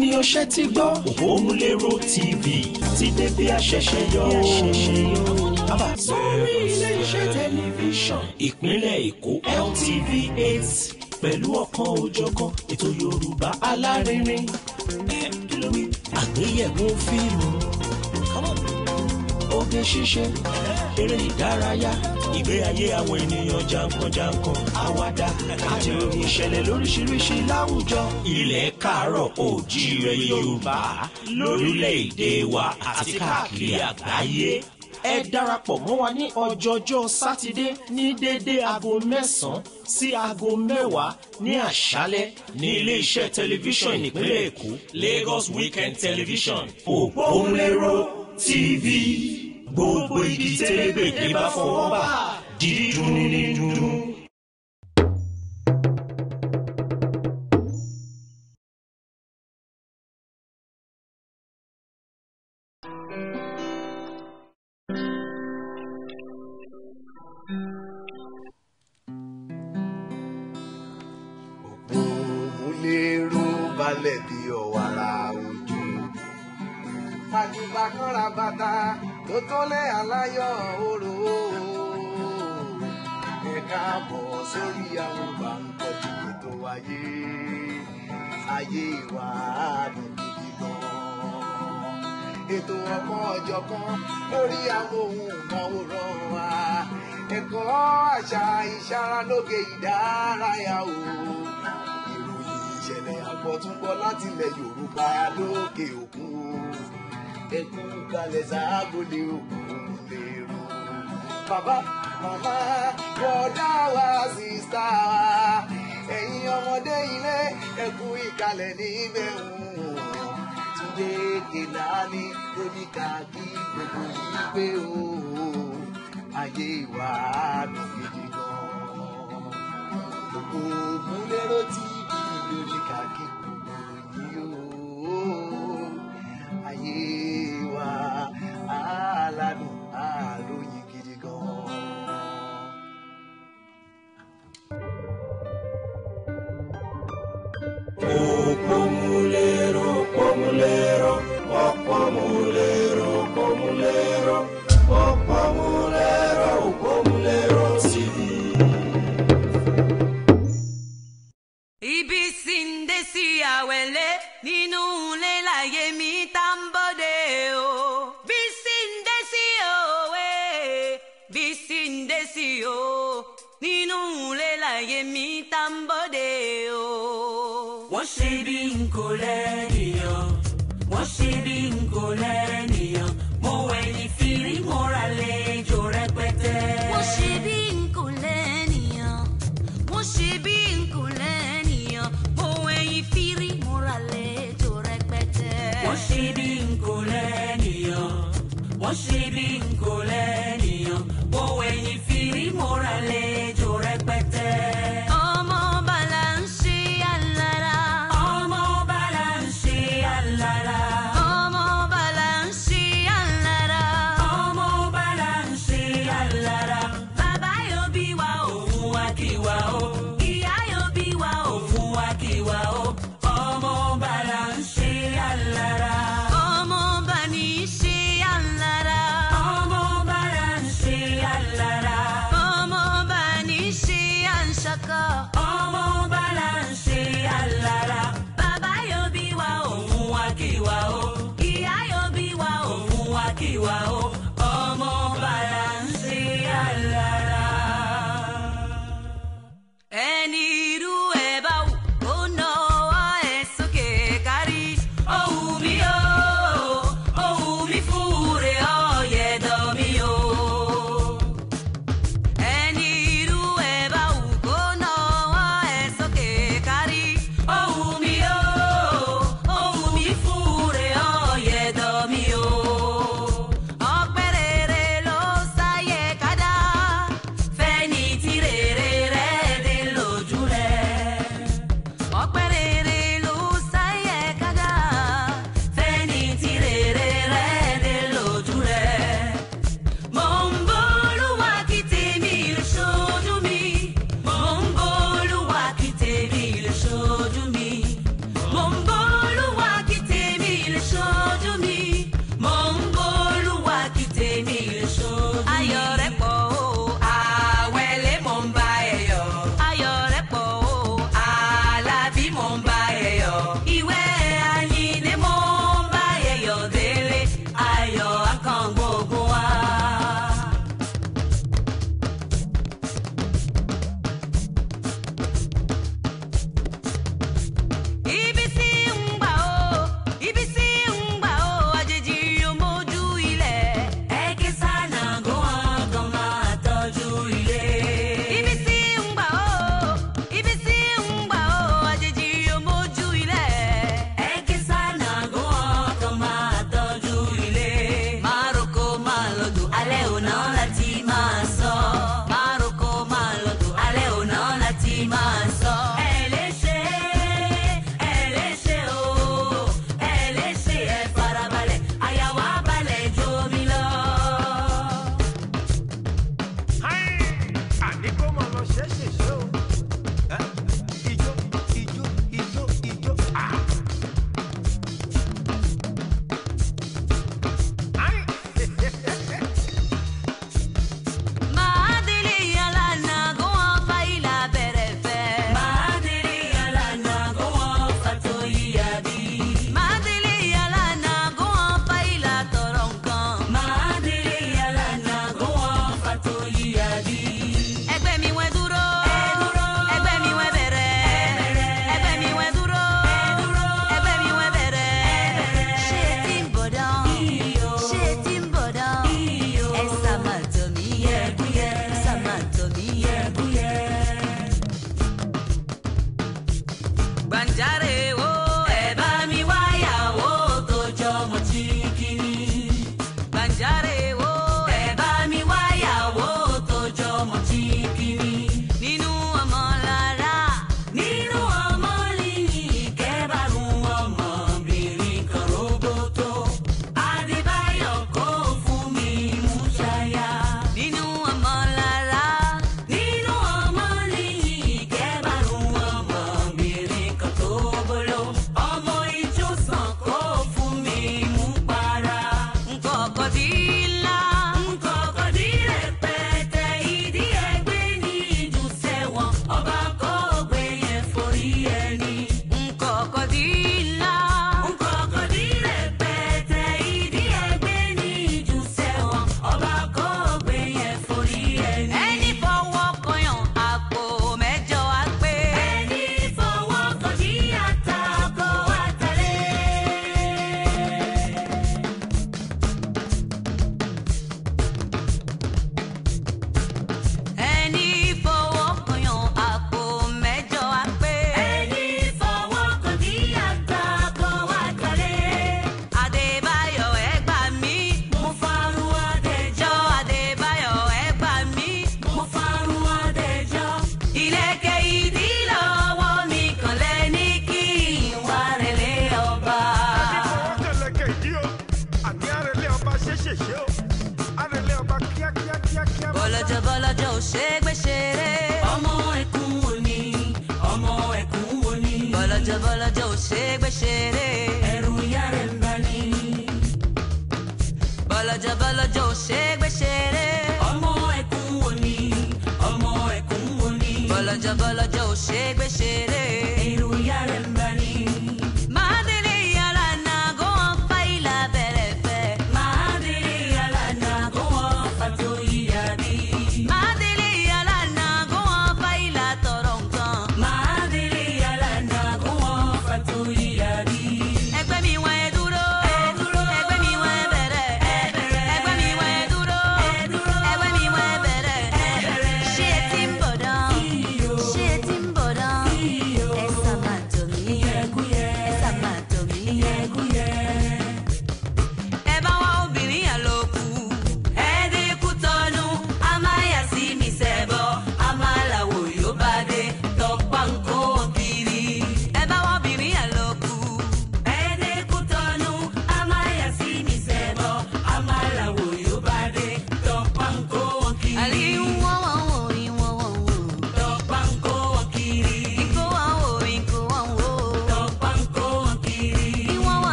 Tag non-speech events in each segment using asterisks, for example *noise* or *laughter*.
ni o ṣe ti gbọ́. òpómúléró tv ti dé bí a ṣẹ̀ṣẹ̀ yọ. bí a ṣẹ̀ṣẹ̀ yọ. sórí ilé iṣẹ́ tẹlifíṣàn ìpínlẹ̀ èkó ltv eight pẹ̀lú ọ̀kan òjọ̀kan ètò yorùbá alárinrin àgbéyẹ̀wò fíìmù oge ṣíṣe eré ìdárayá ìgbé ayé àwọn ènìyàn jàǹkànjàǹkàn àwàdà àti ìròyìn ìṣẹ̀lẹ̀ lóríṣiríṣi láwùjọ. ilẹ̀ káàárọ̀ oòjíire yorùbá lórílẹ̀‐èdè wa àti káàkiri àgbáyé ẹ darapọ̀ mọ́ wa ní ọjọ́jọ́ sátidé ní dédé aago mẹ́sàn-án sí aago mẹ́wàá ní àṣálẹ́ ní iléeṣẹ́ tẹlifíṣàn ìpínlẹ̀ èkó Lagos Weekend Television òpómúléró TV. gbogbo igi tẹ́lẹ̀ gbèdé bá fọwọ́ bà ní ní ayé ayé ìwà àdùn gidi gan. ètò ọ̀kan ọjọ́ kan lórí àwọn ohun kan ò rọrùn wa ẹ̀kọ́ àṣà ìṣaralóge ìdárayá o ìròyìn ìṣẹ̀lẹ̀ àkọ́túnbọ̀ láti ilẹ̀ Yorùbá lókè òkun ẹkún kalẹ̀ sáàgòlè òkun lè bàbá màmá bọ̀dá wa sísá wa ọmọdé ilé ẹkú ìkàlẹ̀ níbẹ̀ òun Túndé Kèlání oníkà kí gbogbo yìí pé o ayé ìwà àdùn gidi gan gbogbo múlẹ́rọ tí kìí oníkà kí gbogbo yìí o ayé ìwà aládùn àlóyìn gidi gan. mulero, opa mulero, opa mulero, opa mulero, opa mulero, Ibisinde si awele, Bisinde si owe, bisinde si o, nínú le ṣe bí n kò lẹ́nìyàn wọ́n bọ́lọ́jọ́ bọ́lọ́jọ́ ò ṣe é gbé ṣeré. ọmọ ẹkùn wo ni ọmọ ẹkùn wo ni. bọ́lọ́jọ́ bọ́lọ́jọ́ ò ṣe é gbé ṣeré. ẹ̀rù ìyá rẹ̀ ń bá ní. bọ́lọ́jọ́ bọ́lọ́jọ́ ò ṣe é gbé ṣeré. ọmọ ẹkùn wo ni ọmọ ẹkùn wo ni. bọ́lọ́jọ́ bọ́lọ́jọ́ ò ṣe é gbé ṣeré. ẹ̀rù ìyá rẹ̀ ń bá ní.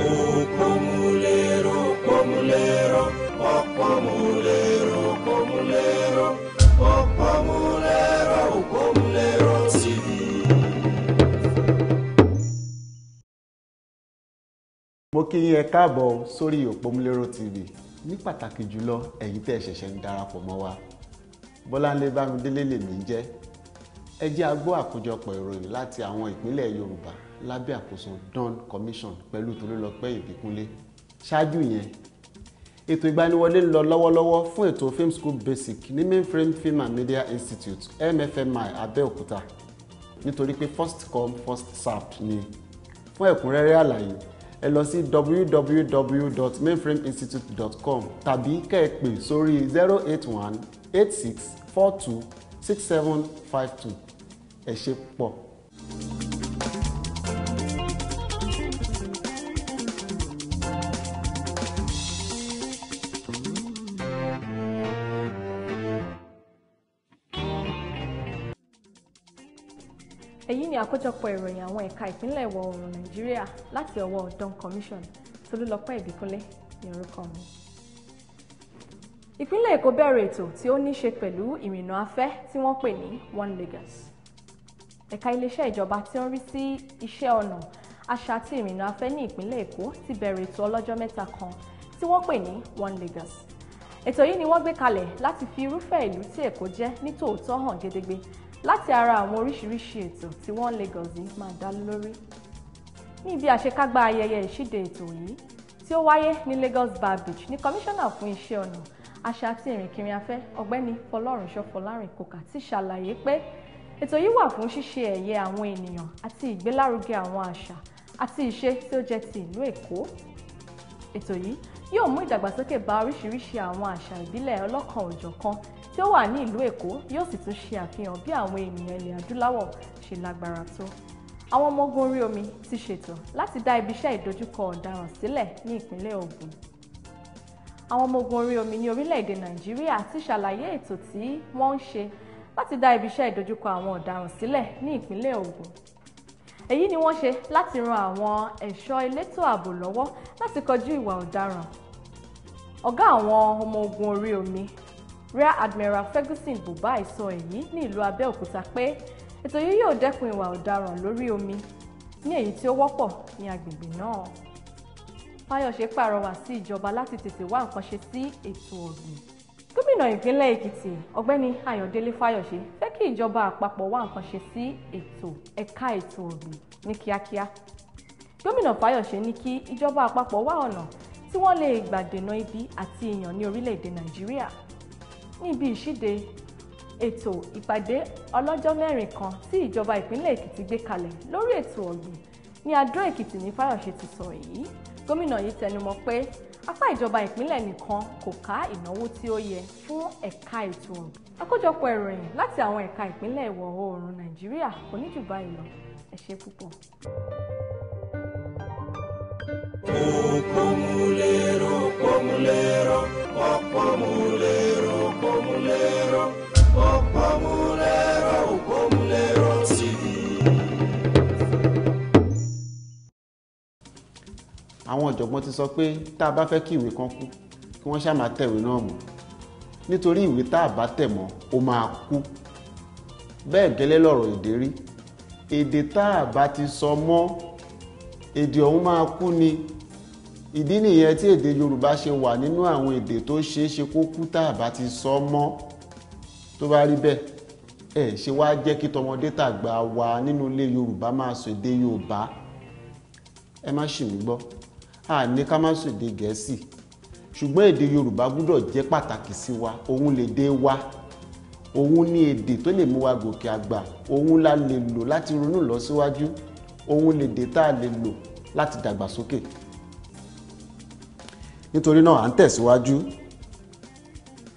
òpómúlérò pómúlérò ọ̀pọ̀múlérò pómúlérò ọ̀pọ̀múlérò pómúlérò tìbí. mo kí yín ẹ káàbọ̀ sórí òpómúlérò tv ní pàtàkì jùlọ ẹ̀yin tẹ́ ẹ ṣẹ̀ṣẹ̀ ń darapọ̀ mọ́ wa bọ́láńlé bámidélé lèmi jẹ́ ẹ jẹ́ a gbọ́ àkójọpọ̀ ìròyìn láti àwọn ìpínlẹ̀ yorùbá lábẹ́ àkóso don Commission pẹ̀lú Tolúlọpẹ́ Ìbíkúnlé ṣáájú yẹn ètò ìgbaniwọlé ń lọ lọ́wọ́lọ́wọ́ fún ètò film school basic ní mainframe film and media institute mfmi abẹ́òkúta nítorí pé first come first served ni fún ẹ̀kúnrẹ́rẹ́ àlàyé ẹ lọ sí www.mainframeinstitute.com tàbí kẹ́ ẹ pè sórí zero eight one eight six four two six seven five two ẹ ṣé pọ̀. èyí ni àkójọpọ̀ ìròyìn àwọn ẹ̀ka ìpínlẹ̀ ìwọ̀ oòrùn nàìjíríà láti ọwọ́ Dawn Commission Tolúlọpẹ́ Ìbíkúnlé ní orúkọ mi ìpínlẹ̀ èkó bẹ̀rẹ̀ ètò tí ó ní ṣe pẹ̀lú ìrìnnà afẹ́ tí wọ́n pè ní one Lagos ẹ̀ka iléeṣẹ́ ìjọba tí ó ń rí sí iṣẹ́ ọ̀nà àṣà àti ìrìnnà afẹ́ ní ìpínlẹ̀ èkó ti bẹ̀rẹ̀ ètò ọlọ́jọ́ mẹ́ta kan tí wọ́n pè ní one Lagos ètò yìí ni wọ́n gbé kalẹ̀ láti fi irúfẹ́ ìlú tí èkó jẹ́ ní tòótọ́ hàn gédégbé láti ara àwọn oríṣiríṣi ètò tí one Lagos yìí máa dá lórí ní ibi àṣekágbá ayẹyẹ ìṣíde ètò yìí tí ó wáyé ní Lagos Bar Beach ní kọmíṣánná fún iṣẹ́ ọ̀nà àṣà àti ìrìnkìrìn afẹ́ ọ̀gbẹ́ni fọlọ́runṣọ́ fọlárìn kòkà ti ṣàlàyé pé ètò yìí wà fún ṣíṣe ẹ̀yẹ àwọn ènìyàn àti ìgbélárugẹ àwọn àṣà àti ìṣe tí ó jẹ́ ti ìlú Èkó ètò yìí yóò mú ìdàgbàsókè bá oríṣiríṣi àwọn àṣà ìbílẹ̀ ọlọ́kan òjọ̀kan tí ó wà ní ìlú Èkó yóò sì tún ṣe àfihàn bí àwọn ènìyàn ilẹ̀ adúláwọ̀ ṣe lágbára tó àwọn ọmọ ogun orí omi ti ṣètò láti dá ibiṣẹ́ ìdojúkọ ọ̀daràn sílẹ̀ ní ìpínlẹ̀ Ògùn àwọn ọmọ ogun orí omi ní orílẹ̀-èdè nàìjíríà ti ṣàlàyé ètò tí wọ́n ń ṣe láti dá ibiṣẹ́ ìdojúkọ àwọn ọ̀daràn sílẹ̀ ní ìpínlẹ̀ Ògùn èyí ni wọ́n ṣe láti ran àwọn ẹ̀ṣọ́ elétò ààbò lọ́wọ́ láti kọjú ìwà ọ̀daràn ọ̀gá àwọn ọmọ ogun orí omi Rear Admiral Ferguson Bubai sọ èyí ní ìlú Abẹ́òkúta pé ètò yìí yóò dẹ́kun ìwà ọ̀daràn lórí omi ní èyí tí ó wọ́pọ̀ ní agbègbè náà. Fáyọ̀ṣe pàrọwà sí ìjọba láti tètè wá nǹkan ṣe sí ètò ọ̀gbìn. Gómìnà ìpínlẹ̀ Èkìtì ọ̀gbẹ́ni Ayọ̀délé Fáyọ̀ṣe fẹ́ kí ìjọba àpapọ̀ wá nǹkan ṣe sí ètò ẹ̀ka ètò ọ̀gbìn ní kíákíá. Gómìnà Fáyọ̀ṣe ní kí ìjọba àpapọ̀ wá ọ̀nà tí wọ́n lè gbà dènà ibi àti ìyàn ní orílẹ̀-èdè Nàìjíríà. Níbi ìṣíde ètò ìpàdé ọlọ́jọ́ mẹ́rin kan tí ìjọba ìpínlẹ̀ Èkìtì gbé kalẹ̀ lórí ètò ọ̀gbìn ní Adó Èkìtì ní Fáyọ̀ṣe ti sọ èyí gómìnà yìí tẹnumọ́ pé apá ìjọba ìpínlẹ̀ nìkan kò ká ìnáwó tí ó yẹ fún ẹ̀ka ètò ọ̀rọ̀ àkójọpọ̀ ìròyìn láti àwọn ẹ̀ka ìpínlẹ̀ ìwọ̀ oòrùn nàìjíríà kò ní jù báyìí lọ ẹ ṣé púpọ̀. Okomu ọ̀jọ̀gbọ́n ti sọ pé tá a bá fẹ́ kí ìwé kan kú kí wọ́n ṣáà máa tẹ ìwé náà mọ́ nítorí ìwé tá a bá tẹ̀ mọ́ ó máa kú bẹ́ẹ̀ gẹ́lẹ́ lọ̀rọ̀ èdè rí èdè tá a bá ti sọ mọ́ èdè ọ̀hún máa kú ni ìdí nìyẹn tí èdè Yorùbá ṣe wà nínú àwọn èdè tó ṣeé ṣe kó kú tá a bá ti sọ mọ́ tó bá rí bẹ́ẹ̀ ẹ ṣe wá jẹ́ kí tọmọdé tàgbà wà nínú ilé Yorùbá máa sọ èdè Yorùbá ẹ má ṣì mí gbọ́ a ní ká má sèdè gẹ̀ẹ́sì ṣùgbọ́n èdè yorùbá gbúdọ̀ jẹ́ pàtàkì sí wa òun lè dé wa òun ní èdè tó lè mú wa gòkè àgbà òun la lè lò láti ronú lọ síwájú òun lè dé tá a lè lò láti dàgbàsókè nítorí náà à ń tẹ̀síwájú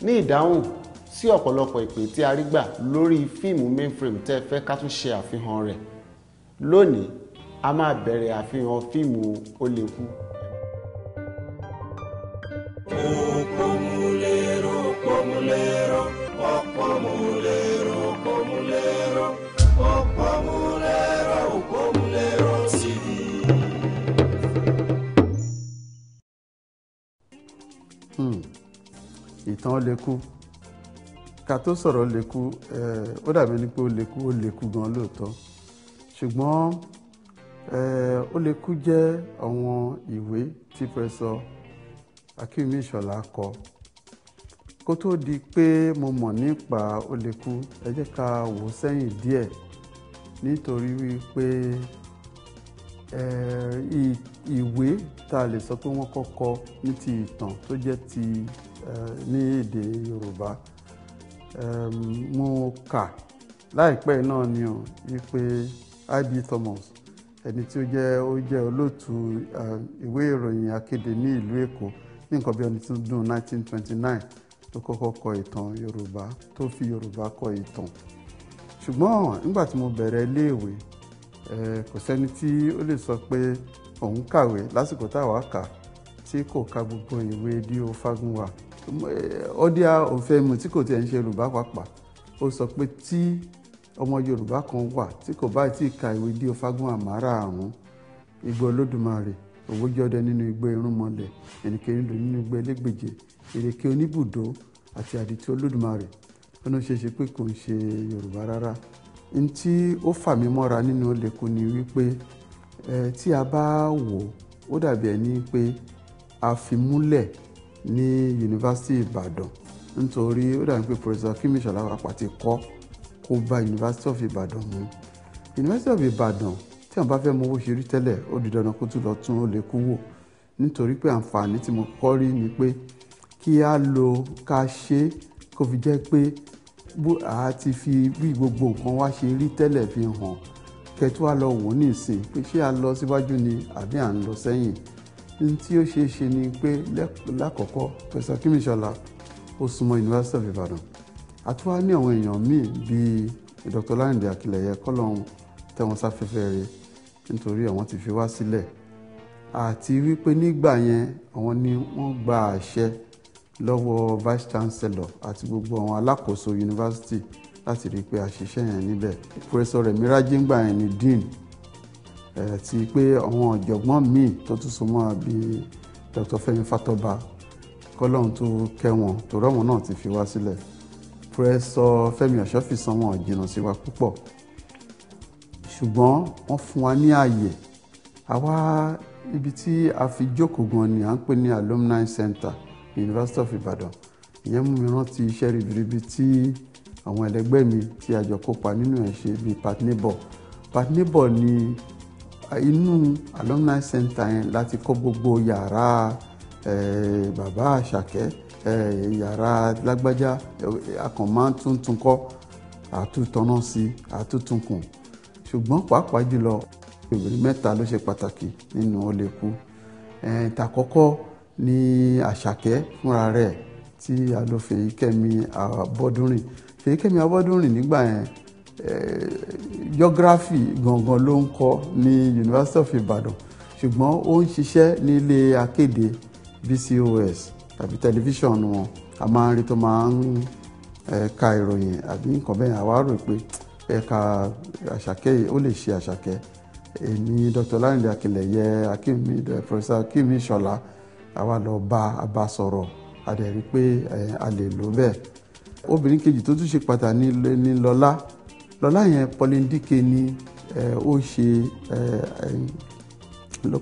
ní ìdáhùn sí ọ̀pọ̀lọpọ̀ ìpè tí a rí gbà lórí fíìmù mainframe tẹ́ fẹ́ ká tún ṣe àfihàn rẹ̀ lónìí a máa bẹ̀rẹ̀ àfihàn fíìmù ó kú. Hmm. ìtàn lẹ́kú ká tó sọ̀rọ̀ lẹ́kú eh, ó dàbí ni pé ó lẹ́kú ó lẹ́kú gan lóòótọ́ ṣùgbọ́n eh, ó lẹ́kú jẹ́ àwọn ìwé tí pẹ̀sọ́ akínwumi ìṣọ̀lá kọ kó tó di pé mo mọ̀ nípa Oleku ẹ jẹ́ ká wò ó sẹ́yìn díẹ̀ nítorí wípé ìwé tá a lè sọ pé wọ́n kọ́kọ́ ní ti ìtàn tó jẹ́ ti ní èdè Yorùbá mo kà láìpẹ́ náà ni o wípé IB Thomas ẹni tí ó ó jẹ́ olóòtú ìwé ìròyìn akéde ní ìlú Èkó ní nǹkan bí Ọ̀nítìndùn 1929 tó kọ́kọ́ kọ ìtàn Yorùbá tó fi Yorùbá kọ ìtàn ṣùgbọ́n nígbà tí mo bẹ̀rẹ̀ iléèwé kò sẹ́ni tí ó lè sọ pé òun kàwé lásìkò táwa kà tí kò ka gbogbo ìwé D.O. Fágúnwà ọdíà òfẹ́mu tí kò tiẹ̀ ń ṣe Yorùbá pàápàá ó sọ pé tí ọmọ Yorùbá kan wà tí kò bá tí ka ìwé D.O. Fágúnwà márààrún Ìgbà Olódùmarè ògbójì ọdẹ nínú igbó irúnmọlẹ̀ ẹnìkè nílò nínú igbó elégbèje ìrèké oníbùdó àti àdìtú olódùmarè lọ́nà ṣeéṣe pé kò ń ṣe yorùbá rárá n tí ó fà mí mọ́ra nínú lẹ́kọ̀ọ́ ni wípé tí a bá wò ó dàbí ẹni pé a fi múlẹ̀ ní yunifásitì ìbàdàn nítorí ó dàbí pé professor Kemi Shola Àpàtì kọ́ kó bá yunifásitì of ìbàdàn mu yunifásitì of ìbàdàn tí wọn bá fẹ́ mọ owó ṣe rí tẹ́lẹ̀ ó di dandan kó tún lọ tún ó lè kú wò nítorí pé àǹfààní tí mo kọ́ rí ni pé kí á lo ká ṣe kó fi jẹ́ pé bó a ti fi bí gbogbo nǹkan wá ṣe rí tẹ́lẹ̀ fi hàn kẹtù á lọ wò ní pé ṣé à ń lọ síwájú ni àbí à ń lọ sẹ́yìn tí ó ṣeé ṣe ni pé lákọ̀ọ́kọ́ Professor Kemi ó súnmọ́ University of Ibadan àtúwá ní àwọn èèyàn míì bíi Dr. Láyìndé Akilẹ̀yẹ kọ́lọ́hún tẹ̀wọ́n sáfẹ́fẹ́ rẹ̀ nítorí àwọn ti fi wá sílẹ̀ àti wípé nígbà yẹn àwọn ni wọ́n gba àṣẹ lọ́wọ́ vice chancellor àti gbogbo àwọn alákòóso yunifásitì láti rí i pé a ṣiṣẹ́ yẹn níbẹ̀ pòfẹ́sọ̀ Rẹ̀mí Rájíǹgbà yẹn ni dean ti pé àwọn ọ̀jọ̀gbọ́n míì tó tún so mọ́ bíi Dr. Fẹ́mi Fátọ́ba kọ́lọ́hún tó kẹ́ wọn tòrọ́ wọn náà ti fi wá sílẹ̀ pòfẹ́sọ̀ Fẹ́mi Ọ̀ṣọ́fìsàn wọn jìnnà sí wa púpọ̀ ṣùgbọ́n wọ́n fún wa ní ààyè àwa ibi tí a fi jókòó gan ni à ń pè ní alumni center University of Ibadan ìyẹn mú mi rántí iṣẹ́ ribiribi tí àwọn ẹlẹgbẹ́ mi tí a jọ kópa nínú ẹ̀ ṣe bíi partnable partnable ni inú alumni center yẹn láti kọ́ gbogbo yàrá bàbá àṣàkẹ́ yàrá lágbájá akàn máa ń tuntun kọ́ àtúntọ́nà sí àtúntúnkùn ṣùgbọ́n pàápàá jùlọ obìnrin mẹ́ta ló ṣe pàtàkì nínú ó lè kú tàkọ́kọ́ ní àṣàkẹ́ fúnra rẹ̀ tí a lọ Fèyíkẹ́mi Abọ́dúnrìn Fèyíkẹ́mi Abọ́dúnrìn nígbà yẹn geography gangan ló ń kọ́ ní University of Ibadan ṣùgbọ́n ó ń ṣiṣẹ́ nílé akéde BCOS tàbí tẹlifíṣàn wọn a máa ń rí tó máa ń ka ìròyìn àbí nǹkan bẹ́ẹ̀ àwa rò pé ẹ̀ka àṣàkẹ́ yìí ó lè ṣe àṣàkẹ́ èmi dr láyìndé akínlẹ̀yẹ akínmi eh, professor akínmi ṣọlá àwa lọ bá a bá sọ̀rọ̀ a dẹ̀ rí i pé eh, a lè lò bẹ́ẹ̀ obìnrin kejì tó tún ṣe pàtàkì ní lọ́lá lọ́lá yẹn Pauline Dike ni eh, ó ṣe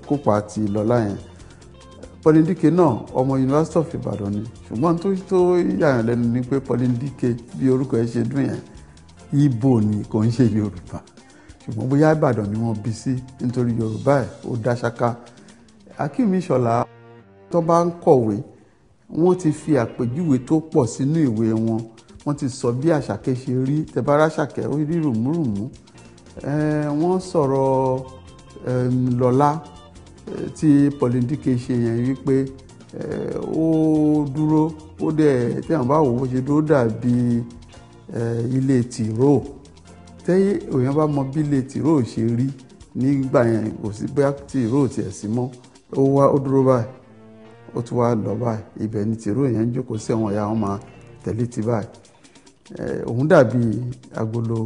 kópa ti lọ́lá yẹn Pauline Dike náà ọmọ University of Ibadan ni ṣùgbọ́n tó yàyàn lẹ́nu ni pé Pauline Dike bí orúkọ ẹ̀ ṣe dùn yẹn Ibo ni kò ń ṣe Yorùbá ṣùgbọ́n bóyá Ìbàdàn ni wọ́n bí sí nítorí Yorùbá ẹ̀ ó dá ṣáká Akínwùmí Ṣọ̀lá tó bá ń kọ̀wé wọ́n ti fi àpèjúwe tó pọ̀ sínú ìwé wọn wọ́n ti sọ bí Àṣàkẹ́ ṣe rí tẹ̀bára Àṣàkẹ́ ó rí rùmúrùmú wọ́n sọ̀rọ̀ lọ́lá tí Pauline ṣe yẹn wípé ó dúró ó dẹ̀ tí àwọn bá wò ó ṣe dúró dàbí Eh, ilé tìró tẹ́yìn èèyàn bá mọ bí ilé tìró ṣe rí nígbà yẹn kò sí bóyá tìró tiẹ̀ sí mọ́ ó wá ó dúró báyìí ó tún wá lọ báyìí ibẹ̀ ni tìró yẹn ń jókòó sí àwọn ìyá wọn máa tẹ̀lé ti báyìí eh, òun dàbí agolo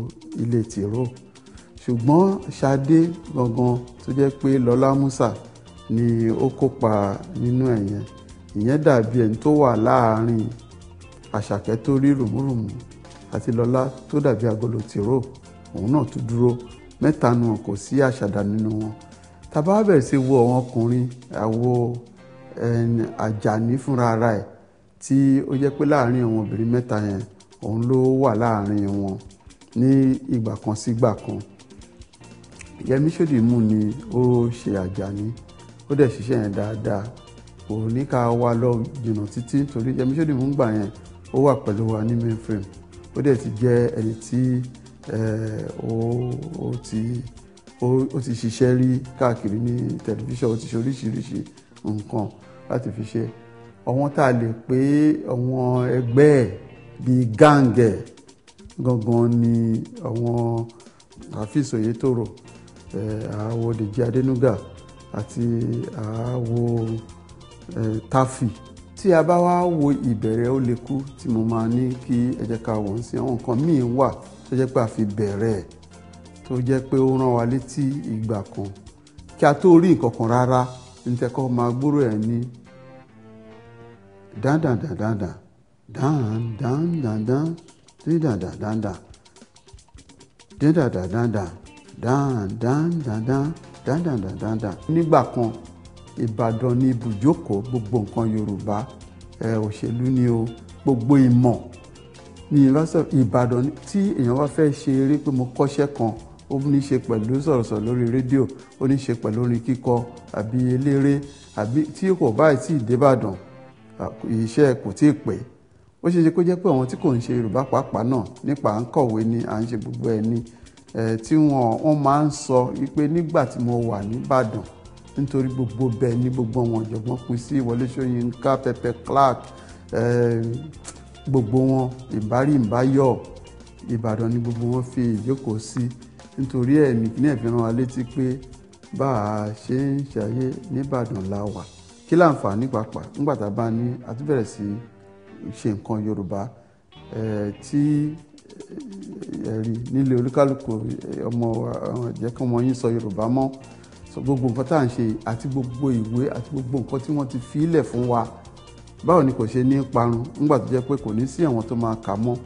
ilé tìró ṣùgbọ́n Ṣadé gangan tó jẹ́ pé Lọlá Musa ni ó kópa nínú ẹ̀yẹn ìyẹn dàbí ẹni tó wà láàárín Àṣàkẹ́ tó rí rùmúrùmù àti lọ́lá tó dàbí agolo tìró òun náà tún dúró mẹ́ta nu wọn kò sí àṣàdá nínú wọn tàbá bẹ̀rẹ̀ sí wo àwọn ọkùnrin àwo àjàní fúnra ara ẹ̀ tí ó jẹ́ pé láàrin àwọn obìnrin mẹ́ta yẹn òun ló wà láàrin wọn ní ìgbà kan sígbà kan Yẹmí Ṣódìmú ni ó ṣe àjàní ó dẹ̀ ṣiṣẹ́ yẹn dáadáa kò ní ká wa lọ jìnnà títí torí Yẹmí Ṣódìmú ń gbà yẹn ó wà pẹ̀lú wa ní mainframe ó dẹ̀ ti jẹ́ ẹni tí ó ti ó ti ṣiṣẹ́ rí káàkiri ní tẹlifíṣàn ó ti ṣe oríṣiríṣi nǹkan láti fi ṣe àwọn tá a lè pé àwọn ẹgbẹ́ ẹ̀ bíi gáǹgẹ̀ gangan ni àwọn Hafiz Oyetoro àwo Dèjì Adénúgà àti àwo Tafi. Uh, tí a bá wá wo ìbẹ̀rẹ̀ ó lè kú tí mo máa ní kí ẹ jẹ́ ká wò ó sí àwọn nǹkan míì wà tó jẹ́ pé a fi bẹ̀rẹ̀ tó jẹ́ pé ó rán wa létí ìgbà kan kí a tó rí nǹkan kan rárá nítẹ̀kọ́ máa gbúrò ẹ̀ ní dáńdàndàndàndà dáńdàndàndà dídàndàndàndà dídàndàndàndà dáńdàndàndà nígbà kan ìbàdàn ní ibùjókòó gbogbo nǹkan yorùbá òṣèlú ni o gbogbo ìmọ̀ ní yunifásitì ìbàdàn tí èèyàn wá fẹ́ ṣe eré pé mo kọ́ṣẹ́ kan ó ní ṣe pẹ̀lú sọ̀rọ̀sọ̀rọ̀ lórí rédíò ó ní ṣe pẹ̀lú orin kíkọ àbí eléré àbí tí kò báyìí tí ìdébàdàn iṣẹ́ kò tí ì pé ó ṣeé ṣe kó jẹ́ pé àwọn tí kò ń ṣe yorùbá pàápàá náà nípa à ń kọ̀wé ni à ń ṣe gbogbo ẹ̀ ni tí wọ́n máa ń sọ wípé nígbà tí mo wà níbàdàn nítorí gbogbo bẹ́ẹ̀ ni gbogbo àwọn ọ̀jọ̀gbọ́n pín sí Wọlé Ṣóyínká Pepe Clark eh, gbogbo wọn ìbárí ìbáyọ̀ Ìbàdàn ni gbogbo wọn fi ìjókòó sí nítorí ẹ̀ nìkíní ẹ̀ fi rán wa létí pé bá a ṣe ń ṣàyé nìbàdàn la wà kí láǹfààní pàápàá nígbà tá a bá ní àtúbẹ̀rẹ̀ sí ṣe nǹkan Yorùbá eh, tí eh, ẹ̀rí nílé olúkálùkù ọmọ ẹ̀jẹ̀ yín sọ Yorùbá mọ́ gbogbo nǹkan tá à ń ṣe àti gbogbo ìwé àti gbogbo nǹkan tí wọ́n ti fi ilẹ̀ fún wa báwo ni kò ṣe ní parun nígbà tó jẹ́ pé kò ní sí àwọn tó máa kà mọ́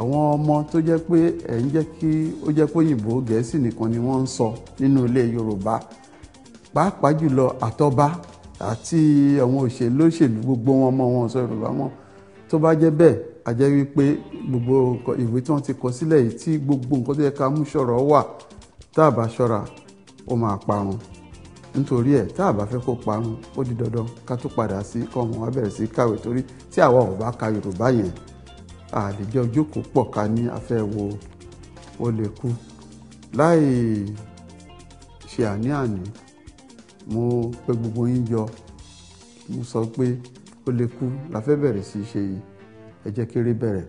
àwọn ọmọ tó jẹ́ pé ẹ̀ ń jẹ́ kí ó jẹ́ pé òyìnbó gẹ̀ẹ́sì nìkan ni wọ́n ń sọ nínú ilẹ̀ yorùbá pàápàá jùlọ àtọba àti àwọn òṣèlú òṣèlú gbogbo wọn mọ wọn sọ yorùbá mọ́ tó bá jẹ́ bẹ́ẹ̀ a jẹ́ wípé gbogbo ìwé tí wọ́n ti kọ sílẹ̀ yìí tí gbogbo nǹkan tó yẹ ká mú ṣọ̀rọ̀ wà tá a bá ṣọ́ra ó máa parun nítorí ẹ̀ tá a fẹ́ kó parun ó di dandan ká tó padà sí kọ́mọ wa bẹ̀rẹ̀ sí káwé torí tí àwa ò bá ka yorùbá yẹn àlejò ojókòó pọ̀ ká ní afẹ́ wo ó lè kú láì ṣe àní-àní mo pe gbogbo yín jọ mo sọ pé ó lè kú la fẹ́ bẹ̀rẹ̀ sí í ṣe yìí kéré bẹ̀rẹ̀.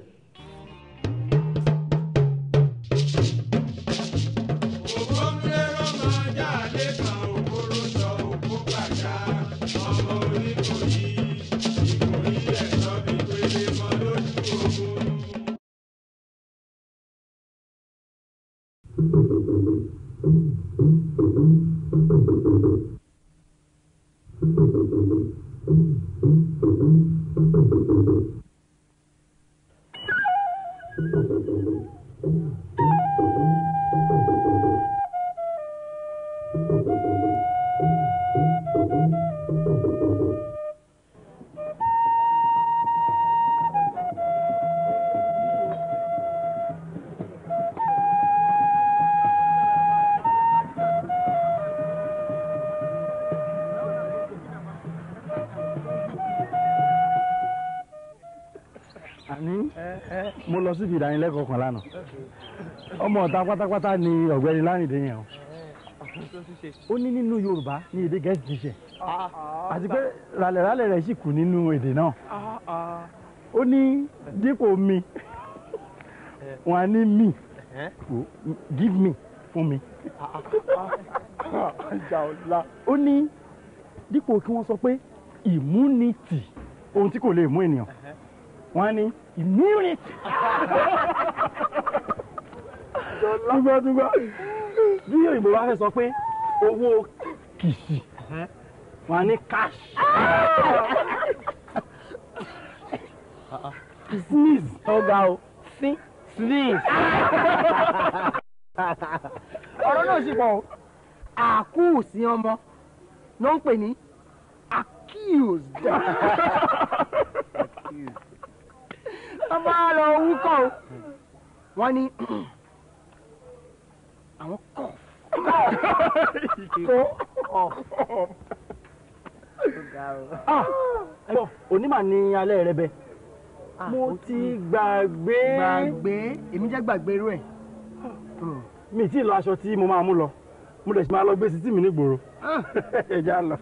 mo lọ síbi ìdánilẹ́kọ̀ọ́ kan lánàá ọmọ ọ̀tá pátápátá ni ọ̀gbẹ́ni Lárìndé yẹn o ó ní nínú Yorùbá ní èdè Gẹ̀ẹ́sì ti ṣe àti pé ràlẹ̀ràlẹ̀ rẹ̀ sì kù nínú èdè náà ó ní dípò mi wọn á ní mi give me fún mi ó ní dípò kí wọ́n sọ pé ìmúnitì ohun tí kò lè mú ènìyàn wọ́n á ní immunity. dúgbà dúgbà bí òyìnbó bá fẹ́ sọ pé owó kìsì wọn ní cash. sneeze ọ̀gá o sí sneeze. ọ̀rọ̀ náà ṣì pọ̀ o àkúùsí ọmọ ló ń pè ní accused. accused wọ́n bá lọ wúkọ́ o. wọ́n ní àwọn kọ̀. tó ọ̀. onímọ̀ ni alẹ́ rẹ bẹ. Ah, mo ti gbàgbé. gbàgbé èmi jẹ́ gbàgbé irú hmm. mi ti lọ aṣọ tí mo máa mú lọ mo lè ṣe máa lọ gbé sí tì mí nígboro. Ah. *laughs* ẹ já lọ.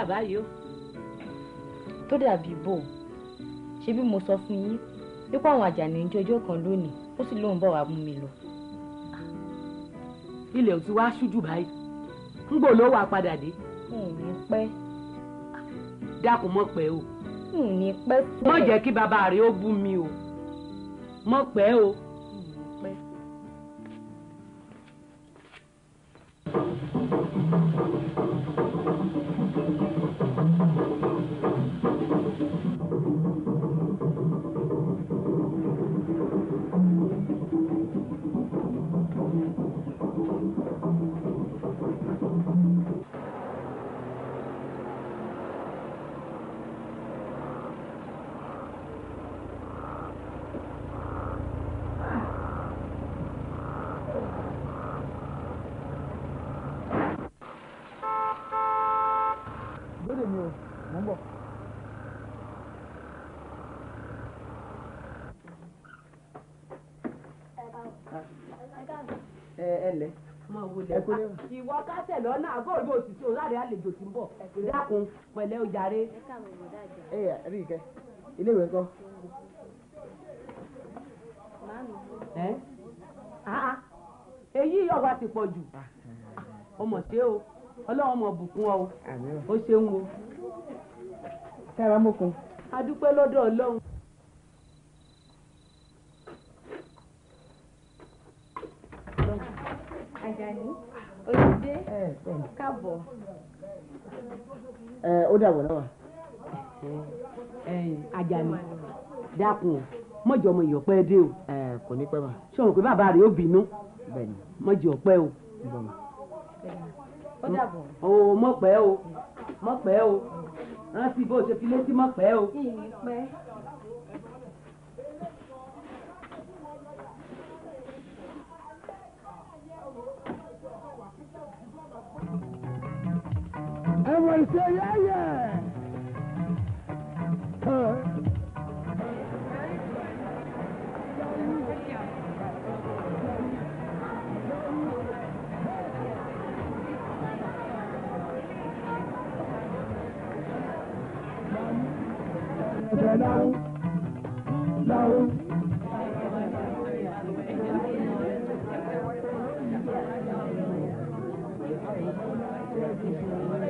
dà báyìí o tó dàbí bò ṣe bí mo sọ fún yín wípé àwọn àjàní ń jọjọ́ kan lónìí ó sì lóun bọ̀ wá mú mi lọ. ilẹ̀ ò ti wá ṣújù báyìí ńgbò ló wà padà dé. ní pẹ́. dákun mọ́ pẹ́ o. ní pẹ́. mọ́ jẹ́ kí bàbá rẹ̀ ó bú mi o mọ́ pẹ́ o. ìwọ kásẹ̀ lọ́nà àgọ́ òde òsì tí òláre àlejò ti ń bọ̀ dákun pẹ̀lẹ́ ojàre. ẹ ẹ rí i kẹ ilé ìwé kọ. Ah, ah. èyí ọ̀wá ti pọ̀ jù ọmọ ah. ṣe o ọlọ́run ọmọ bùkún ọ o ṣeun o. sára mọ́kun. a dúpẹ́ lọ́dọ̀ ọlọ́run. Ajani olùdé eh, eh, káàbọ̀. ẹ eh, ó dàbọ̀ náà. Àjàní dákun o mọ̀jọ ọmọ ìyọ̀pẹ́ dé o. kò ní pẹ́ mà. ṣé o rò pé bàbá rẹ̀ ó bínú. bẹ́ẹ̀ni. mọ̀jọ ọ̀pẹ́ o. ó dàbọ̀. o mọ̀pẹ́ o mọ̀pẹ́ o rántí bó o ṣe fi létí mọ̀pẹ́ o. kí ni pẹ́. Everybody say yeah, yeah. Huh. Thank you.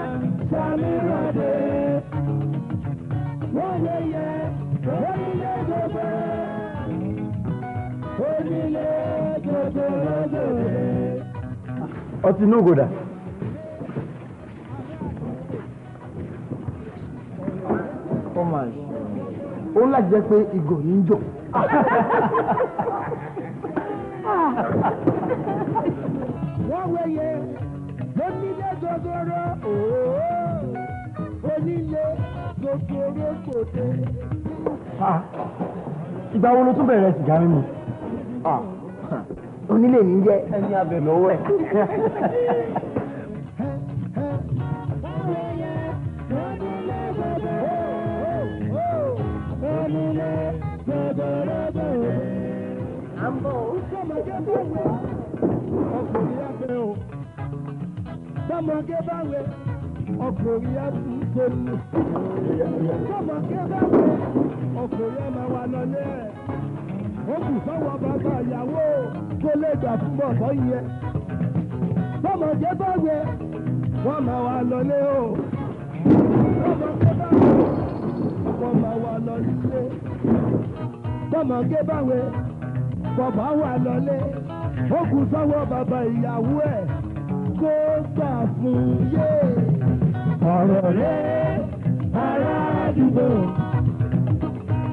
Sàmíràdé. Wọ́n yẹ yẹ onílé gbogbo. Onílé gbogbo lọ́gọ̀dé. Ọtí inú gòdà. Ó láti pé ìgò yìí ń jò. Wọ́n wẹ̀yẹ lónílé gbogbo rẹ̀ òó nílé gòkèrè kòdé. ìgbà wo ló tún bẹ̀rẹ̀ sìgá mímu? Ah. onílé ní jẹ́ ẹni abẹ lọ́wọ́ ẹ̀. Ọkùnrin abẹ́ o, ọkùnrin abẹ́ o, ọkùnrin abẹ́ o gbòòlù. Sọ̀bọ̀ kí ẹ bá wọ ọkùnrin ọmọ wa lọ lé ẹ̀. Ó kù sọ́wọ́ bàbá ìyàwó tó lè gbà fún bọ̀tọ̀ yẹn. Sọ̀bọ̀ kí ẹ bá wọ wọ́n máa wà lọ lé o. Sọ̀bọ̀ kí ẹ bá wọ wọ́n máa wà lọ lé. Sọ̀bọ̀ kí ẹ bá wọ bàbá wà lọ lé. Ó kù sọ́wọ́ bàbá ìyàwó ẹ̀ kó gbà fún yé ọ̀rọ̀ lé ará àdúgbò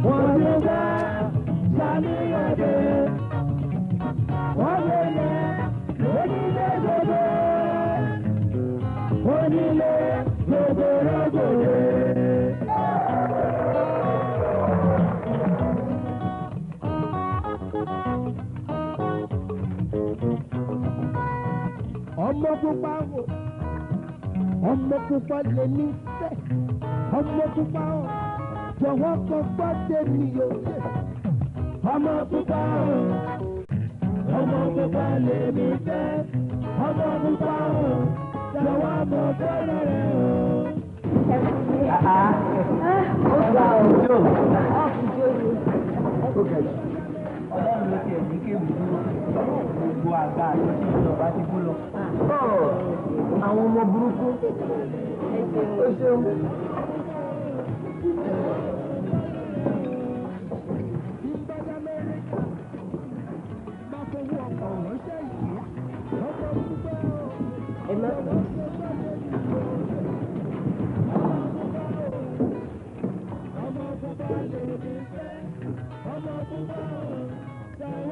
wọ́n ló bá sàníyànjẹ́ wọ́n lè yẹ onílé gbogbo onílé gbogbo rọ́gbòdè. ọmọ pupa ọmọ pupa lèmi fẹ́ ọmọ pupa ọ jọ̀wọ́ kan gbọ́ tèmi o ọmọ pupa ọ ọmọ pupa lèmi fẹ́ ọmọ pupa ọ jọ̀wọ́ kan fẹ́rẹ̀ rẹ o. Ah, ah, ah. ó gbà ó jò ó kì í jò ó. ọlọ́run ló ti ẹ̀mí kébù dúró gbogbo àgbà àjọ tí ìjọba ti kú lọ. Ah. Oh, àwọn ọmọ burúkú ó ṣeun.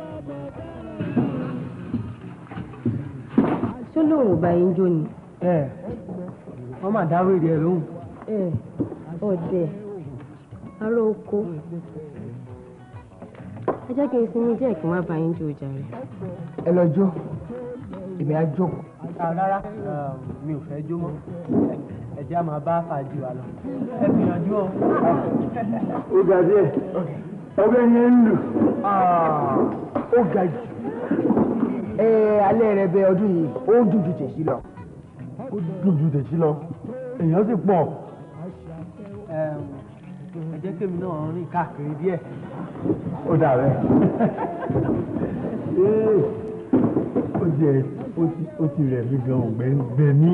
Thank you tó lóun ò bá yín jó ni. ẹ wọn máa dárò ìdí ẹ lóhùn. ẹ ọdẹ aró oko ẹ jẹ́ kí n sinmi díẹ̀ kí n wá bá yín jó jàre. ẹ lọ jó èmi á jó. Ah, rárá ah, mi ò fẹ́ jó mọ́ ẹ jẹ́ àmọ́ bá fàájì wa lọ ẹ gbìyànjú o. ó ga díẹ̀ ọbẹ̀ ń lù ah. ó ga jù ẹ alẹ́ rẹ bẹ ọdún yìí ó dùn ju tẹ̀sí lọ. ó dùn ju tẹ̀sí lọ èèyàn sì pọ̀. ẹ jẹ́ kémi náà rìn káàkiri díẹ̀. ó dà rẹ. ó jẹ ó ti rẹ̀ mí gan ògbẹ́ ní.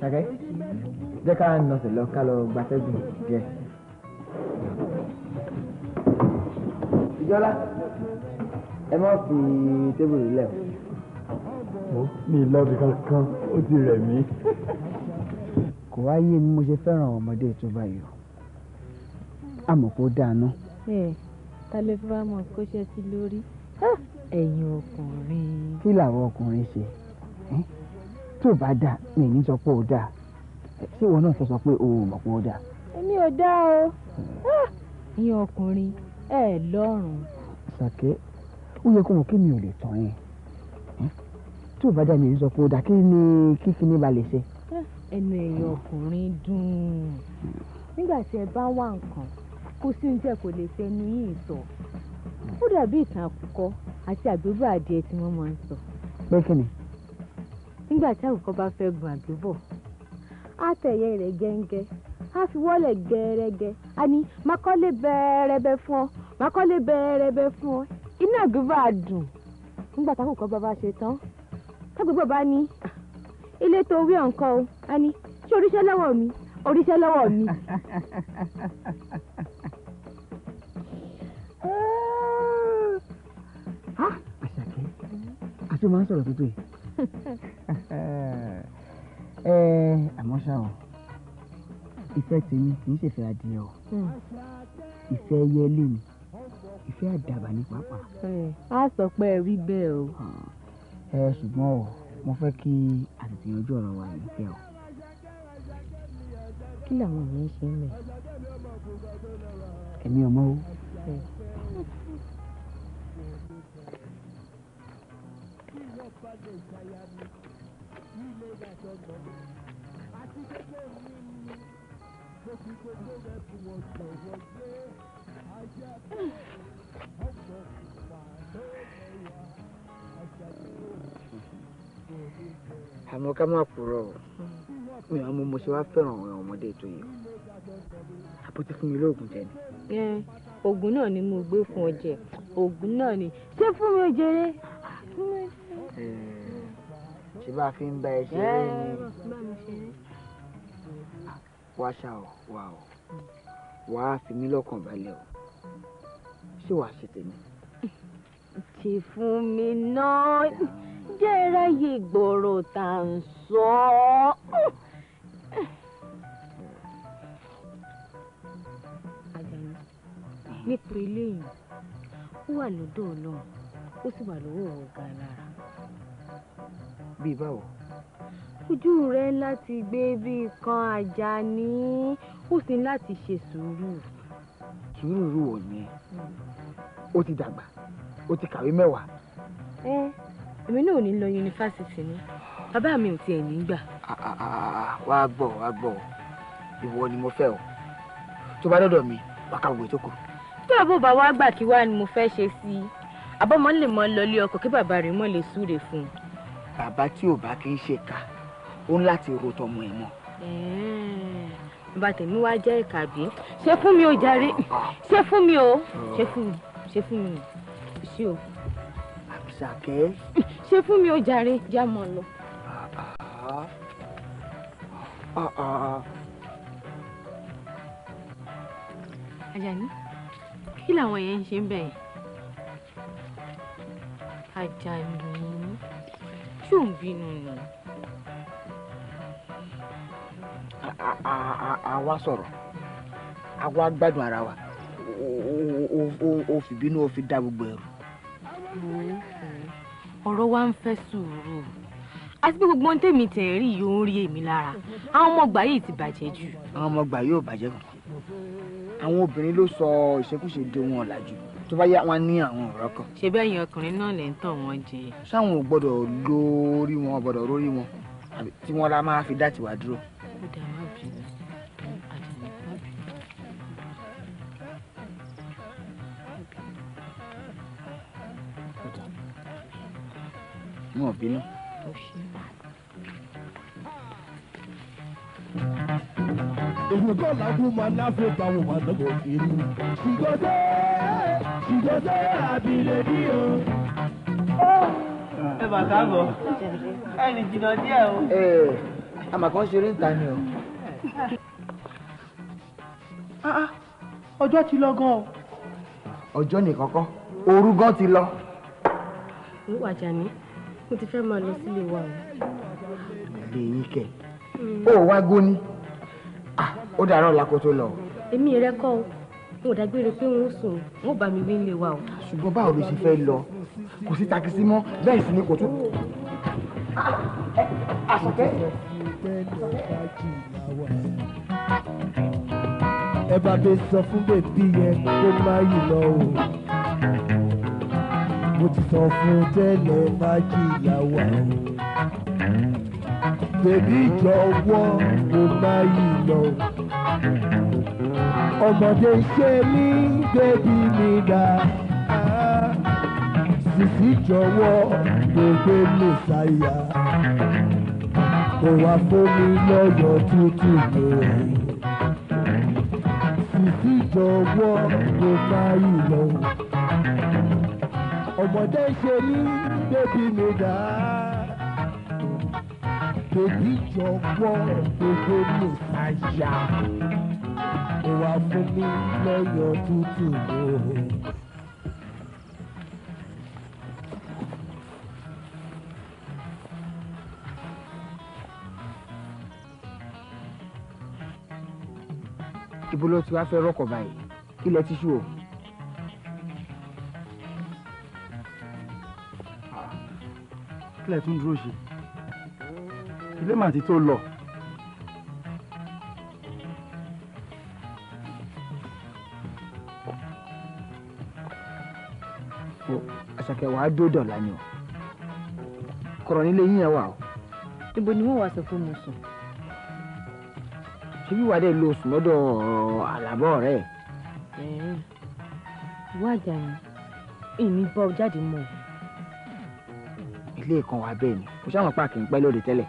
ṣàkẹ́ jẹ́ ká nọ̀sẹ̀ lọ ká lọ gbatẹ́gùn díẹ̀. ìjọba ẹ má fi tébùlù lẹ̀. mo ní ìlọ́bì kankan ó ti rẹ̀ mí. kò wá yé mi mo ṣe fẹ́ràn ọmọdé tó báyìí o àmọ́ kó dáná. ẹ ta ló fi wá mọ kó ṣe sí lórí ẹ̀yin ọkùnrin. kí làwọn ọkùnrin ṣe tó bá dà mí ní sọ pé ó dà ṣé ìwọ náà sọ pé o ò mọ̀ pé ó dà. èmi ò dá o ẹ̀yin ọkùnrin ẹ lọ́rùn. sàkẹ́ ó yẹ kó mọ̀ kí mi ò lè tàn yín hmm? tí ò bá dá mi ń sọ pé ó dà kí ni kí kíní ba lè ṣe. Eh, ẹnu ẹ̀yìn ọkùnrin dùn nígbà tí ẹ bá wà nǹkan kó sí oúnjẹ kò lè fẹnu yìí sọ ó dàbí ìtàn àkùkọ àti àgbébọ̀ adìẹ tí wọ́n máa ń sọ. pé kí ni. nígbà tí àkùkọ bá fẹ́ gun àgbébọ̀ á tẹ̀yẹ rẹ̀ gẹ́ngẹ́ á fi wọ́lẹ̀ gẹ́rẹ́gẹ́ á ní makọ́lé bẹ́ẹ̀rẹ́bẹ́ fún ọ makọ́lé bẹ́ẹ̀rẹ́bẹ́ fún ọ inú àgbébà dùn nígbà táwọn kan bàbá ṣe tán tágbé bàbá ní ah, ilé tó wí ọ̀ǹkan o á ní ṣé oríṣẹ́ lọ́wọ́ mi oríṣẹ́ lọ́wọ́ mi. Ah! àṣàkẹ́ àti máa ń sọ̀rọ̀ tuntun yìí. àmọ́ ṣá o ìfẹ́ tèmi kì í ṣèfẹ́ adìẹ o hmm. ìfẹ́ ẹyẹ ilé mi ìfẹ́ àdàbà ní pàápàá. Hmm. a sọ pé ẹ rí bẹ́ẹ̀ o. ẹ ṣùgbọ́n o mo fẹ́ kí àtẹ̀tẹ̀ yanjú ọ̀rọ̀ wa yìí fẹ́ o. kí làwọn èèyàn ṣe ń bẹ̀. ẹ̀mí ọmọ o. Thank hmm. you àmọ́ ká má purọ́ o mi àwọn ọmọ ṣe wá fẹ́ràn àwọn ọmọdé tó yẹ àpótí fún mi lóògùn jẹ ni. oògùn náà ni mo gbé fún ọ jẹ oògùn náà ni ṣé fún mi jẹrẹ. ṣé bá a fi ń bá ẹ ṣeré ni wàá ṣá o wà o wàá fi mí lọ́kàn balẹ̀ o ṣé wàá ṣe tèmi. ti fún mi náà jẹ́ra yé gbọ́rọ̀ tá ń sọ ọ́. àjàyí nípa eléyìí ó wà lọ́dọ̀ ọlọ́run ó sì wà lọ́wọ́ ọ̀gá lára. bíi báwo ojú rẹ láti gbé bí kan àjà ní ó sì ní láti ṣe sùúrù. sùúrù ò ní hmm. ó ti dàgbà ó ti kàwé mẹ́wàá. ẹ èmi náà ò ní lọ yunifásitì ni bàbá mi ò tiẹ̀ ní gbà. Ah, ah, ah, wàá gbọ́ wàá gbọ́ ìwọ ni mo fẹ́ o tó bá dọ́dọ̀ mi wàá kàwé tó kù. tó àbò bá wá gbà kí wàá ni mo fẹ́ ṣe sí i àbọ̀mọ́ lè mọ́ lọ lé ọkọ̀ kí bàbá rẹ̀ mọ́ lè súre fún un. bàbá tí ò bá kì í ṣe ká ó ń láti ro tọmọ ẹ̀ mọ́. bàbá tèmi wá jẹ́ ìkàbí ṣé fún mi ò jàre ah. ṣé fún mi ò oh. ṣé fún mi ṣé fún mi ò o. àbùsàkẹ́. ṣé fún mi ò jàre já mọ́ lọ. Àjàní kí làwọn yẹn ń ṣe ń bẹ̀ yẹn. Àjàní ṣé ò ń bínú ni àwa sọ̀rọ̀ àwa gbádùn ara wa o fìbínú no, fi dá gbogbo ẹrù. ọ̀rọ̀ wa ń fẹ́ sùúrù àti pé gbogbo ohun tèmi tẹ̀ rí yìí ó ń rí èmi lára àwọn ọmọ ọgbà yìí ti bàjẹ́ jù. àwọn ọmọ ọgbà yóò bàjẹ́ kù àwọn obìnrin ló sọ ìṣekúṣe di wọn ọ̀làjú tó bá yá wọn ní àwọn ọ̀rọ̀ kan. ṣé bẹ́ẹ̀ yẹn ọkùnrin náà lè ń tàn wọ́n jẹ. sáwọn ò gbọ́dọ̀ lórí wọn ò gbọ́dọ̀ lórí wọn tí wọ́n la máa fi dá tiwa dúró. ó dáa wọn bínú. Ògùnkọ́ làákùn máa láfi báwọn wà lọ́gọ̀ kiri. Ìgbọ́dẹ́ ìgbọ́dẹ́ àbílẹ̀dí o. Ẹ bà káàbọ̀, ẹnì jìnnà díẹ̀ o. Àmàkàn ṣeré ń ni o. Ah, ah, ọjọ́ ti lọ gan o. Ọjọ́ nìkan kọ́, òru ti lọ. Ìwà Jàní mo ti fẹ́ máa lọ sílé wa o. àbí eyín kẹ hmm. ó wá góní ó dàrọ ọ̀la kó tó lọ. èmi rẹ kọ́ o mo dágbére pé wọn ò sùn wọn bá mi wí nílé wa o. ṣùgbọ́n báwo ló ṣe fẹ́ lọ kò sí takisí mọ́ bẹ́ẹ̀ sì ni kò tún. àṣọkẹ́. ẹ bá bẹ sọ fún bèbí yẹn kó má yìí lọ o mo ti sọ fún tẹ́lẹ̀ májìlá wà ó. Bèbí jọ̀wọ́ mo máa yí lọ. Ọmọdé ṣe mí bébí mi dá. Sìsì jọ̀wọ́ mo gbé mi sáyà. Kò wá fún mi lọ́yọ̀ tútù mo rẹ̀. Sìsì jọ̀wọ́ mo máa yí lọ ọmọdé ṣe ní bébí mi dá. Bèbí jọ̀wọ́ gbogbo mi ò ṣàyà. Mo wá fún mi lọ́yọ̀ tútù o. ibo ló ti wá fẹ́ rọ́kọ̀ báyìí ilẹ̀ ti ṣú o. kílẹ̀ tún dúró ṣe ilé mà ti tó lọ. àṣàkẹ́ wàá dódò lánàá o kọ̀rọ̀ nílé yín yẹn wà o. ibo ni wọn wá sọ fún mi sùn. ṣé bí wàá dé lo sùn lọ́dọ̀ eh, àlàbọ̀ rẹ̀. ẹ ẹ wá jà ní èmi bọ́ jáde mọ́ ọ play kan wá bẹ́ẹ̀ ni mo ṣàwọn pa kì pẹ́ lóde tẹ́lẹ̀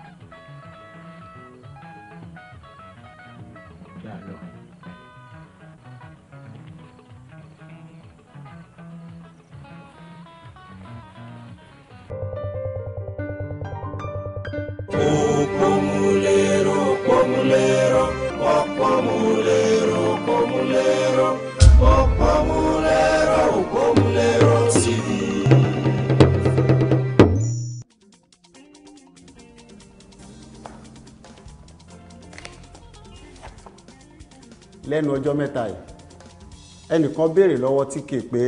ẹnìkan béèrè lọ́wọ́ tíkè pé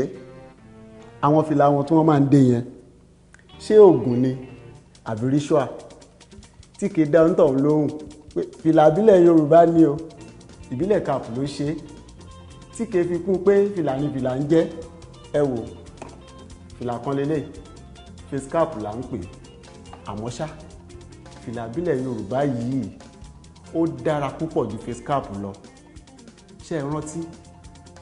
àwọn fìlà wọn tí wọ́n máa ń dé yẹn ṣé oògùn ni àbí ritual tíkè dá ń tàn lóhùn pé fìlà ìbílẹ̀ Yorùbá ni o ìbílẹ̀ kàpù ló ṣe é tíkè fi kún pé fìlà ni fìlà ń jẹ́ ẹ wò fìlà kan lélẹ̀ face cap là ń pè àmọ́ ṣá fìlà ìbílẹ̀ Yorùbá yìí ó dára púpọ̀ ju face cap lọ ṣé ẹ rántí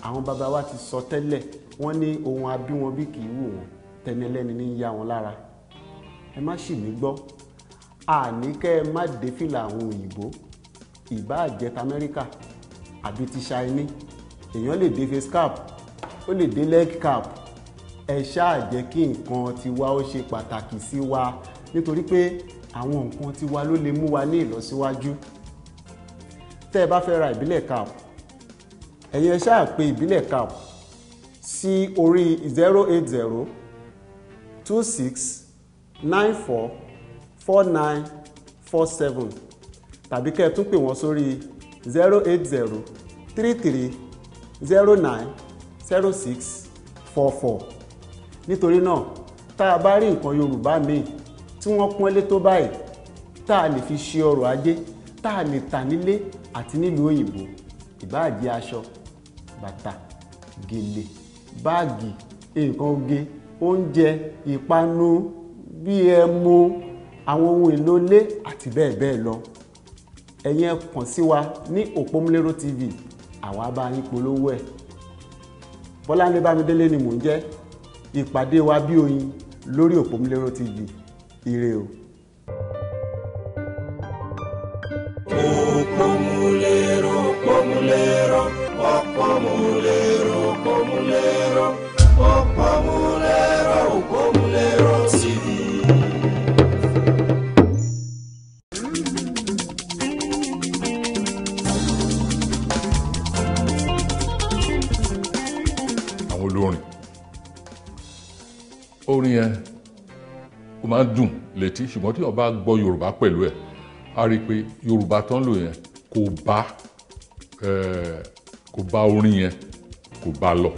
àwọn bàbá wa ti sọ tẹ́lẹ̀ wọ́n ní ohun abíwọn bí kì í wù wọ́n tẹnilẹ́ni ní yá wọn lára ẹ má ṣì mí gbọ́ àní kẹ́ ẹ má dé fìlà àwọn òyìnbó ìbá àjẹta amẹ́ríkà àbí ti ṣáínì èèyàn lè dé face cap ó lè dé leg cap ẹ ṣáà jẹ́ kí nǹkan tiwa ó ṣe pàtàkì sí wa nítorí pé àwọn nǹkan tiwa ló lè mú wa ní ìlọsíwájú tẹ́ ẹ bá fẹ́ ra ìbílẹ̀ cap ẹ̀yin ẹ ṣáà pe ìbílẹ̀ cap sí orí zero eight zero two six nine four four nine four seven tàbí kẹ́ ẹ tún pè wọ́n sórí zero eight zero three three zero nine zero six four four nítorí náà tá a bá rí nǹkan Yorùbá míì tí wọ́n pọ́nlé tó báyìí tá a lè fi ṣe ọrọ̀ ajé tá a lè tà nílé àti nílùú òyìnbó ìbáà aṣọ bàtà gèlè báàgì nǹkan oge oúnjẹ ìpanu bí ẹmu àwọn ohun èlò ilé àti bẹ́ẹ̀ bẹ́ẹ̀ lọ ẹ̀yin ẹ kàn sí wa ní òpómúléró tv àwa bá yín polówó ẹ̀ bọ́láńlé bámidélé ni mò ń jẹ́ ìpàdé wa bí oyin lórí òpómúléró tv ire o. yẹn ó máa ń dùn létí ṣùgbọ́n tí o bá gbọ́ yorùbá pẹ̀lú ẹ̀ á rí i pé yorùbá tó ń lò yẹn kò bá kò bá orin yẹn kò bá lọ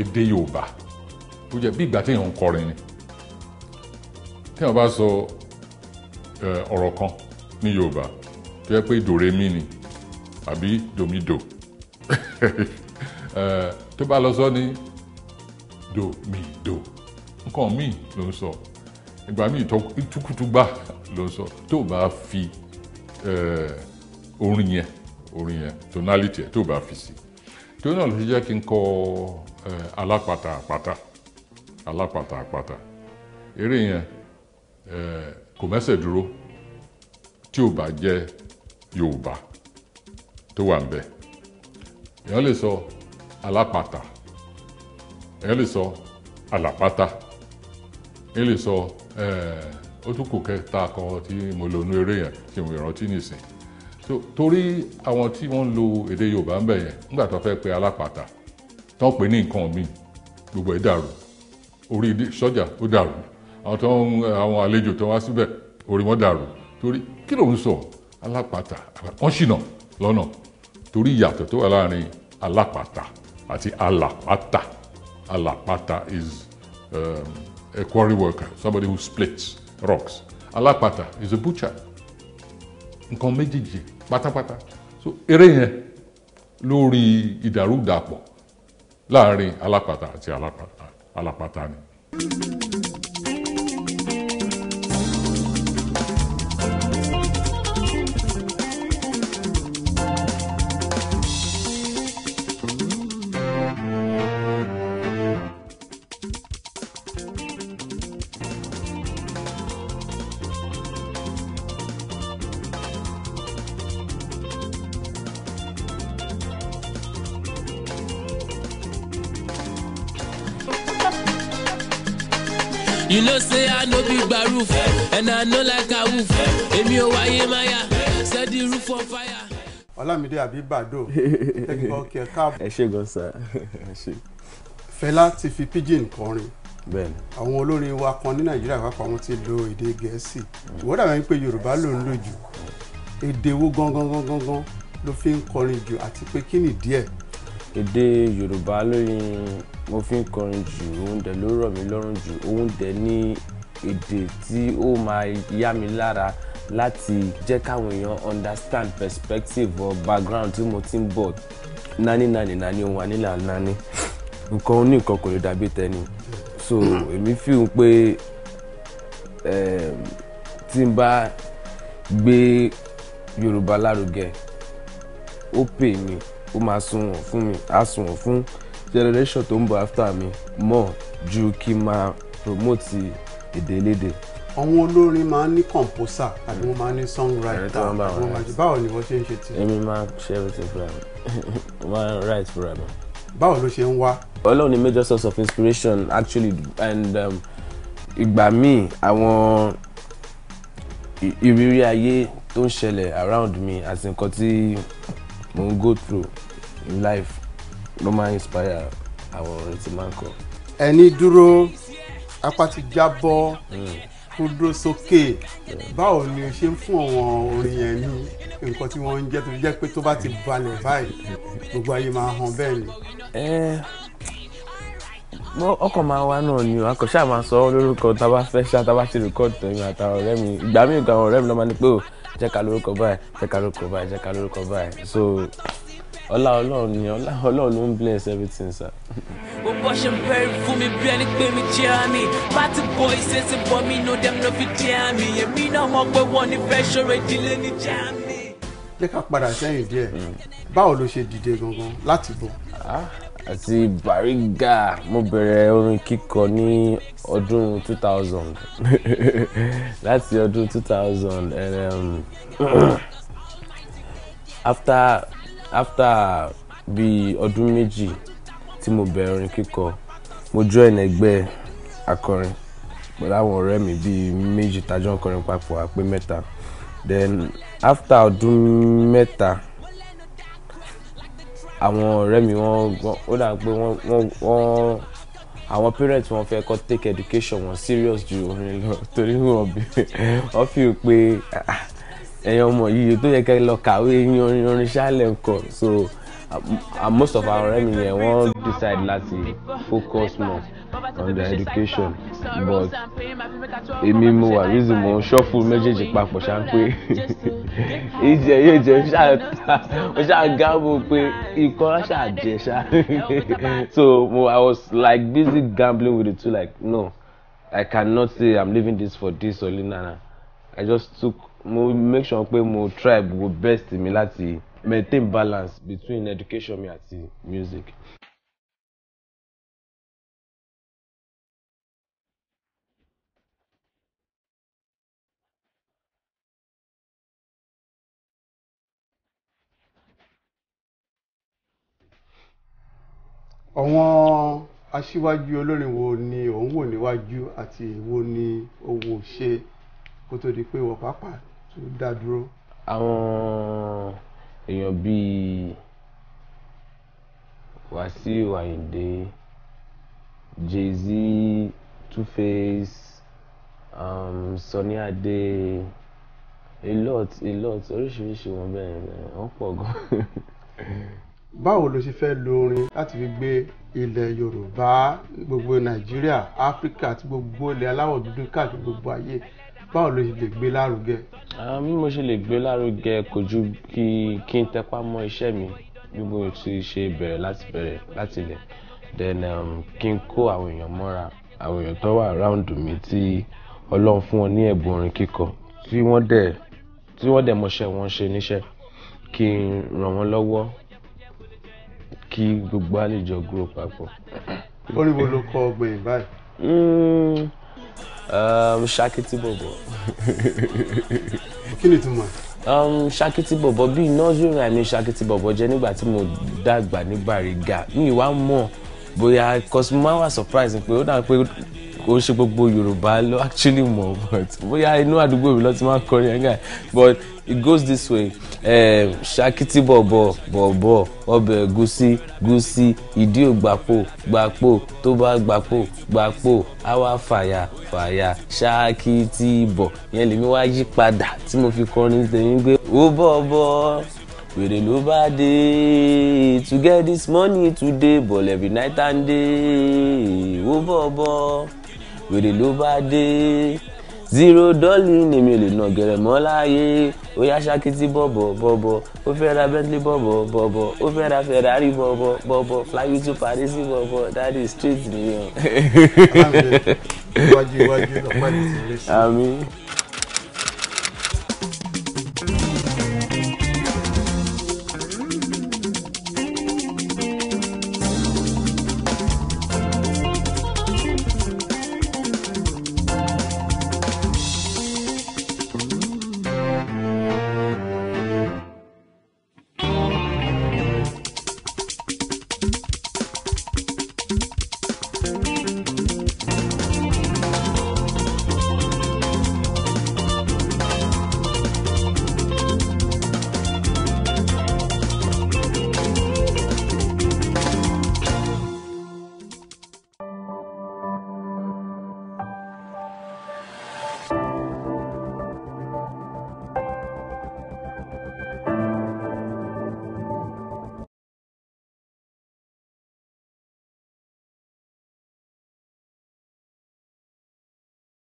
èdè yorùbá ó jẹ́ bí ìgbà téèyàn ń kọrin ni téèyàn bá sọ ọ̀rọ̀ kan ní yorùbá tó yẹ pé dòrèmí ni àbí dòmídò *laughs* tó bá lọ sọ ní dòmídò. do nǹkan míì ló ń sọ ìgbà míì ìtukùtù gbà ló ń sọ tó bá fi eh, orin yẹn orin yẹn tonality yẹn tó bá fi sí torí náà ló ṣe jẹ́ kí n kọ eh, alápàtà àpàtà alápàtà àpàtà eré yẹn eh, kò mẹ́sẹ̀ dúró tí ò bá jẹ́ Yorùbá tó wà ń èèyàn lè sọ alápàtà èèyàn lè sọ àlàpàtà n lè sọ ó tún kò kẹta kan tí mo lò nú eré yẹn tí mo rántí nìsín torí àwọn tí wọ́n ń lo èdè Yorùbá ń bẹ̀ yẹn nígbà tó fẹ́ pe alápàtà tó ń pè ní nǹkan míì gbogbo ẹ̀ dàrú orí sọ́jà ó dàrú àwọn tó ń àwọn àlejò tó wá síbẹ̀ orí wọn dàrú torí kí ló ń sọ alápàtà wọ́n ṣìnà lọ́nà torí ìyàtọ̀ tó wà láàrin alápàtà àti alàpàtà alàpàtà is. Um, a quarry worker, somebody who splits rocks. Alapata is a butcher. Nǹkan méjèèjì pátápátá. So eré yẹn lórí ìdàrúdàpọ̀ láàrin alápatà àti alapata ni. Thank you. you know say i no be gbaroof and i no like awoof Emi ò wáyé máyà set the roof on fire. Olamide, ọlámídé *laughs* àbíbàdó technical care cab. ẹ ṣe gan sir ẹ ṣe. fẹlá ti fi pidgin kọrin bẹ́ẹ̀ni. àwọn olórin wa kan ní nàìjíríà pàápàá wọn ti lo èdè gẹ̀ẹ́sì ìwọ́n dàbẹ̀ pé yorùbá ló ń lò jù èdè wo gangan gangan ló fi ń kọrin jù àti pé kí nìdí ẹ̀ èdè yorùbá lórí mo fi ń kọrin jù òun dẹ̀ ló rọ̀ mí lọ́rùn jù òun dẹ̀ ní èdè tí ó máa yá mi lára láti jẹ́ káwọn èèyàn understand perspective or background tí mo ti ń bọ̀ nání nání nání ohun ànílà nání nǹkan oníkan kò lè dàbí tẹni so èmi fi hàn pé ehm, tí n bá gbé yorùbá lárugẹ ó pè mí ó máa sunwọ̀n fún mi á sunwọ̀n fún generation tó ń bọ̀ after mi mọ̀ ju kí n máa promote èdè elédè. àwọn olórin máa ń ní composer àbí wọ́n máa ń ní songwriter àbí wọ́n máa ń ṣe báwo ni wọ́n ṣe ń ṣe tiẹ̀. èmi máa ń ṣe everything fúnra mi *laughs* mo máa ń write fúnra mi. báwo ló ṣe ń wá. ọlọ́run ni major source of inspiration actually and um, ìgbà míì àwọn ìrírí ayé tó ń ṣẹlẹ̀ around me àti nǹkan tí mò ń go through in life ló máa ń inspire àwọn ọ̀rẹ́ tí máa ń kọ. ẹni dúró apá ti jábọ́ kó hmm. dúró sókè báwo ni o ṣe ń fún àwọn orin yẹn ní nǹkan tí wọ́n ń jẹ́ tó jẹ́ pé tó bá ti balẹ̀ báyìí gbogbo ayé máa hàn bẹ́ẹ̀ ni. ẹ ọkàn máa wá náà ni o akọ̀ṣà máa sọ ọ́ lórúkọ tá a ṣá tá ti rìkọ́ọ̀dù tẹ̀mí àtàwọn ọ̀rẹ́ mi ìgbà míì gan ọ̀rẹ́ mi ló máa ní pé o jẹ́ ká lórúkọ báyìí jẹ́ lórúkọ báyìí jẹ́ lórúkọ báyìí so ọlá ọlọ́run ni ọlá ọlọ́run ló ń bless everything sir. gbogbo ṣe ń bẹ̀rù fún mi bí ẹni pé mi jẹ́ àmì party boy ṣe ti bọ̀ mí no dem no fi jẹ́ àmì èmi náà mọ̀ pé wọ́n ní fẹ́ ṣòro ìdílé ní jẹ́ àmì. jẹ́ ká padà sẹ́yìn díẹ̀ báwo ló ṣe dìde gangan láti bọ̀. Ah, àti Bariga mo bẹ̀rẹ̀ orin kíkọ ní ọdún 2000 *laughs* láti ọdún 2000 and, um, *clears throat* after after bíi ọdún méjì tí mo bẹ̀rẹ̀ orin kíkọ mo join ẹgbẹ́ akọrin pẹ̀lú àwọn ọ̀rẹ́ mi bíi méjì tájọ́ ń papọ̀ àpé mẹ́ta then after ọdún mẹ́ta àwọn ọ̀rẹ́ mi wọ́n ó dà pé wọ́n wọ́n àwọn parents wọn fẹ́ kọ́ take education wọn serious ju orin lọ *laughs* torí wọn bí wọ́n fi pé ah ẹ̀yin ọmọ yìí tó yẹ kẹ́ lọ kàwé yanrin yanrin ṣáàlẹ̀ nǹkan so uh, most of our ọ̀rẹ́ mi yẹn wọ́n decide láti focus more on their education but èmi mo wà reason mo ṣọ́fù méjèèjì papọ̀ ṣá pé *laughs* ìjẹ yóò jẹ mo ṣá gamble pé ikọ́ ṣá jẹ ṣá *laughs* so mo I was like busy gambling with the two like no I cannot say I'm leaving this for this or linana I just took mo make sure pé mo try gbogbo best mi láti maintain balance between education mi àti music. àwọn aṣíwájú olórin wo ni òun wò níwájú àti èwo ni òun ò ṣe kó tó di pé wọ́n pàápàá tó dá dúró. àwọn èèyàn bíi Wàsíù Àyìndé Jay-Z Two-Face um, Sunny Adé a lot a lot oríṣiríṣi wọn bẹ́ẹ̀ wọ́n pọ̀ gan. báwo ló ṣe fẹ́ lo orin láti fi gbé ilẹ̀ Yorùbá gbogbo Nàìjíríà Áfíríkà àti gbogbo ilẹ̀ aláwọ̀ dúdú káàkiri gbogbo ayé báwo ló ṣe lè gbé lárugẹ. bí mo ṣe lè gbé lárugẹ kò ju kí kí n tẹpá mọ́ iṣẹ́ mi bí mo ti ṣe bẹ̀rẹ̀ láti bẹ̀rẹ̀ láti ilẹ̀ then um, kí n kó àwọn èèyàn mọ́ra àwọn èèyàn tó wà around mi tí ọlọ́run fún wọn ní ẹ̀bùn orin kíkọ tí wọ́n dẹ̀ tí wọ́n dẹ̀ mọṣẹ́ wọn ṣe níṣẹ́ kí n ràn wọ́n lọ́wọ́ kí gbogbo àlejò grow papọ̀. orí wo ló kọ ọgbẹ̀yìn báyìí. Hmm, um, ṣakiti bọ̀bọ̀. kí ni ìtumọ̀? um, ṣakiti bọ̀bọ̀ bíi nursery rhyme ni ṣakiti bọ̀bọ̀ jẹ́ nígbà tí mo dàgbà ní Bariga mi wá mọ̀ bóyá cos mo máa wà surprise pé ó dà pé kò ṣe gbogbo yorùbá ló actually mọ̀ but bóyá inú àdúgbò mi ló ti máa ń kọrin ẹ̀ ń gà but it goes this way ehm, ṣakiti bọ̀bọ̀ bọ̀bọ̀ ọbẹ̀ ẹ̀gúsí gúsí ìdí ògbàpò gbàpò tó bá gbàpò gbàpò àwa fàyà fàyà ṣakiti bọ̀ yẹn lèmi wá yí padà tí mo fi kọrin tẹ̀yìn gbé ó bọ̀ bọ̀ wèrè ló bá dé to get this money today but every night and day ó bọ̀ wèrè ló bá dé zero dọ́lì ni mi ò lè nà gẹ̀rẹ̀ mọ́ láàyè ó yá ṣakitì bọ̀bọ̀ bọ̀bọ̀ ó fẹ́ ra bentley bọ̀bọ̀ bọ̀bọ̀ ó fẹ́ ra ferrari bọ̀bọ̀ bọ̀bọ̀ fly you to paris bọ̀bọ̀ that is straight nìyẹn. iwájú iwájú lọ́pàá ní ti rí sí i.